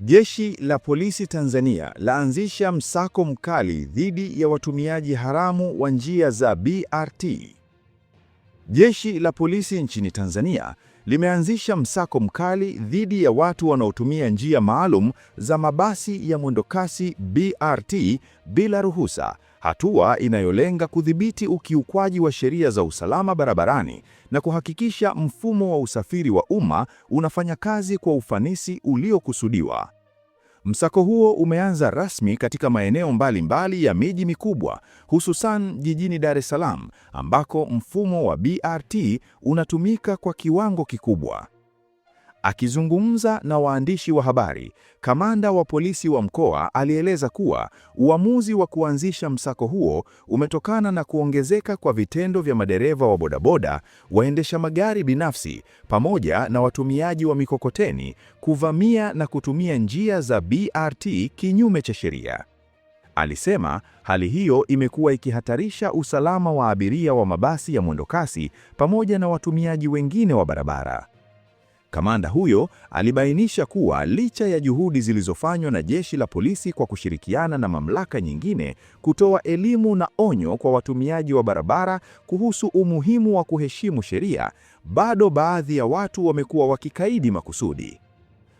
Jeshi la Polisi Tanzania laanzisha msako mkali dhidi ya watumiaji haramu wa njia za BRT. Jeshi la Polisi nchini Tanzania limeanzisha msako mkali dhidi ya watu wanaotumia njia maalum za mabasi ya mwendokasi BRT bila ruhusa hatua inayolenga kudhibiti ukiukwaji wa sheria za usalama barabarani na kuhakikisha mfumo wa usafiri wa umma unafanya kazi kwa ufanisi uliokusudiwa. Msako huo umeanza rasmi katika maeneo mbalimbali mbali ya miji mikubwa, hususan jijini Dar es Salaam ambako mfumo wa BRT unatumika kwa kiwango kikubwa. Akizungumza na waandishi wa habari, kamanda wa polisi wa mkoa alieleza kuwa uamuzi wa kuanzisha msako huo umetokana na kuongezeka kwa vitendo vya madereva wa bodaboda, waendesha magari binafsi pamoja na watumiaji wa mikokoteni kuvamia na kutumia njia za BRT kinyume cha sheria. Alisema hali hiyo imekuwa ikihatarisha usalama wa abiria wa mabasi ya mwendokasi pamoja na watumiaji wengine wa barabara. Kamanda huyo alibainisha kuwa licha ya juhudi zilizofanywa na jeshi la polisi kwa kushirikiana na mamlaka nyingine kutoa elimu na onyo kwa watumiaji wa barabara kuhusu umuhimu wa kuheshimu sheria, bado baadhi ya watu wamekuwa wakikaidi makusudi.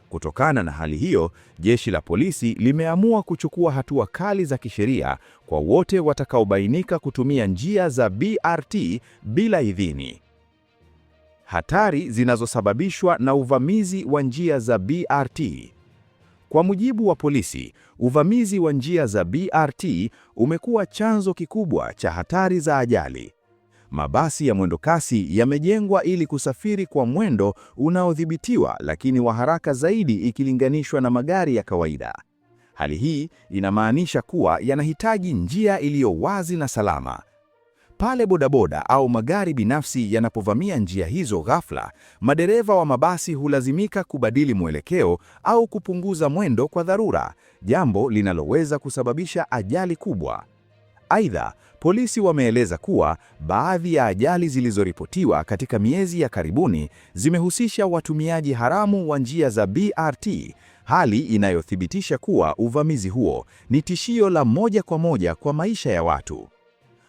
Kutokana na hali hiyo, jeshi la polisi limeamua kuchukua hatua kali za kisheria kwa wote watakaobainika kutumia njia za BRT bila idhini hatari zinazosababishwa na uvamizi wa njia za BRT. Kwa mujibu wa polisi, uvamizi wa njia za BRT umekuwa chanzo kikubwa cha hatari za ajali. Mabasi ya mwendo kasi yamejengwa ili kusafiri kwa mwendo unaodhibitiwa lakini wa haraka zaidi ikilinganishwa na magari ya kawaida. Hali hii inamaanisha kuwa yanahitaji njia iliyo wazi na salama. Pale bodaboda au magari binafsi yanapovamia njia hizo ghafla, madereva wa mabasi hulazimika kubadili mwelekeo au kupunguza mwendo kwa dharura, jambo linaloweza kusababisha ajali kubwa. Aidha, polisi wameeleza kuwa baadhi ya ajali zilizoripotiwa katika miezi ya karibuni zimehusisha watumiaji haramu wa njia za BRT, hali inayothibitisha kuwa uvamizi huo ni tishio la moja kwa moja kwa maisha ya watu.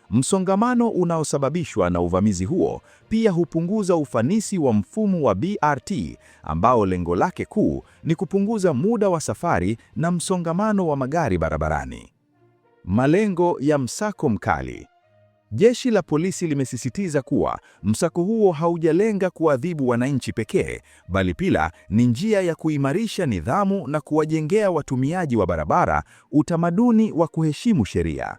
Msongamano unaosababishwa na uvamizi huo pia hupunguza ufanisi wa mfumo wa BRT ambao lengo lake kuu ni kupunguza muda wa safari na msongamano wa magari barabarani. Malengo ya msako mkali. Jeshi la polisi limesisitiza kuwa msako huo haujalenga kuadhibu wananchi pekee, bali pia ni njia ya kuimarisha nidhamu na kuwajengea watumiaji wa barabara utamaduni wa kuheshimu sheria.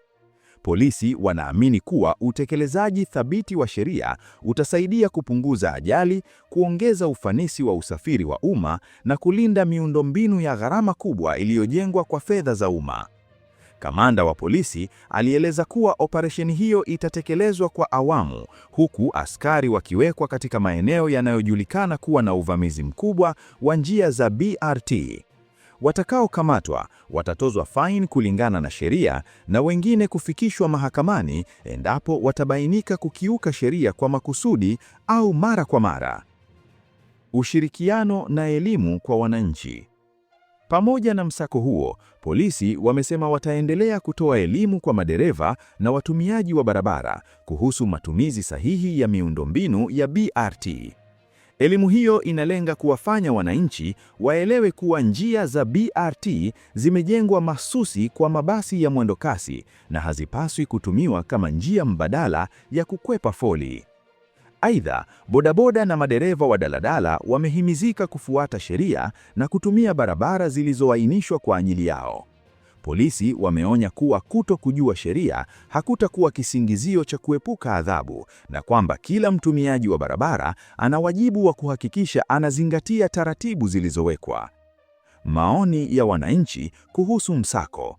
Polisi wanaamini kuwa utekelezaji thabiti wa sheria utasaidia kupunguza ajali, kuongeza ufanisi wa usafiri wa umma na kulinda miundombinu ya gharama kubwa iliyojengwa kwa fedha za umma. Kamanda wa polisi alieleza kuwa operesheni hiyo itatekelezwa kwa awamu, huku askari wakiwekwa katika maeneo yanayojulikana kuwa na uvamizi mkubwa wa njia za BRT. Watakaokamatwa watatozwa faini kulingana na sheria na wengine kufikishwa mahakamani endapo watabainika kukiuka sheria kwa makusudi au mara kwa mara. Ushirikiano na elimu kwa wananchi. Pamoja na msako huo, polisi wamesema wataendelea kutoa elimu kwa madereva na watumiaji wa barabara kuhusu matumizi sahihi ya miundombinu ya BRT. Elimu hiyo inalenga kuwafanya wananchi waelewe kuwa njia za BRT zimejengwa mahsusi kwa mabasi ya mwendokasi na hazipaswi kutumiwa kama njia mbadala ya kukwepa foli. Aidha, bodaboda na madereva wa daladala wamehimizika kufuata sheria na kutumia barabara zilizoainishwa kwa ajili yao. Polisi wameonya kuwa kuto kujua sheria hakutakuwa kisingizio cha kuepuka adhabu na kwamba kila mtumiaji wa barabara ana wajibu wa kuhakikisha anazingatia taratibu zilizowekwa. Maoni ya wananchi kuhusu msako.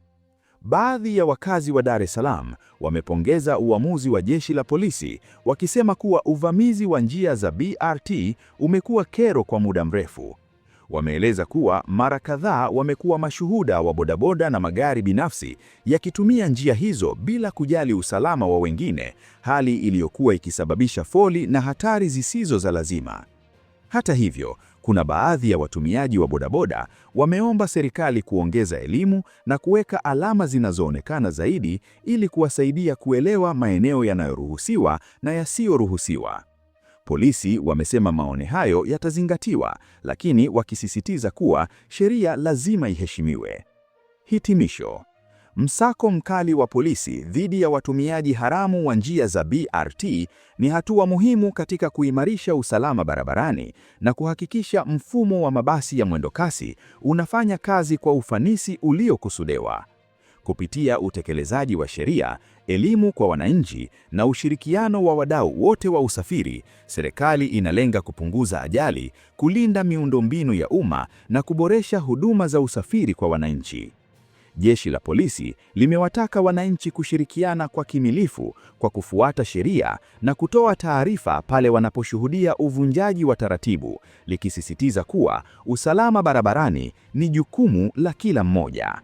Baadhi ya wakazi wa Dar es Salaam wamepongeza uamuzi wa Jeshi la Polisi wakisema kuwa uvamizi wa njia za BRT umekuwa kero kwa muda mrefu. Wameeleza kuwa mara kadhaa wamekuwa mashuhuda wa bodaboda na magari binafsi yakitumia njia hizo bila kujali usalama wa wengine, hali iliyokuwa ikisababisha foli na hatari zisizo za lazima. Hata hivyo, kuna baadhi ya watumiaji wa bodaboda wameomba serikali kuongeza elimu na kuweka alama zinazoonekana zaidi ili kuwasaidia kuelewa maeneo yanayoruhusiwa na yasiyoruhusiwa. Polisi wamesema maoni hayo yatazingatiwa, lakini wakisisitiza kuwa sheria lazima iheshimiwe. Hitimisho. Msako mkali wa polisi dhidi ya watumiaji haramu wa njia za BRT ni hatua muhimu katika kuimarisha usalama barabarani na kuhakikisha mfumo wa mabasi ya mwendokasi unafanya kazi kwa ufanisi uliokusudiwa kupitia utekelezaji wa sheria, elimu kwa wananchi na ushirikiano wa wadau wote wa usafiri, serikali inalenga kupunguza ajali, kulinda miundombinu ya umma na kuboresha huduma za usafiri kwa wananchi. Jeshi la polisi limewataka wananchi kushirikiana kwa kimilifu kwa kufuata sheria na kutoa taarifa pale wanaposhuhudia uvunjaji wa taratibu, likisisitiza kuwa usalama barabarani ni jukumu la kila mmoja.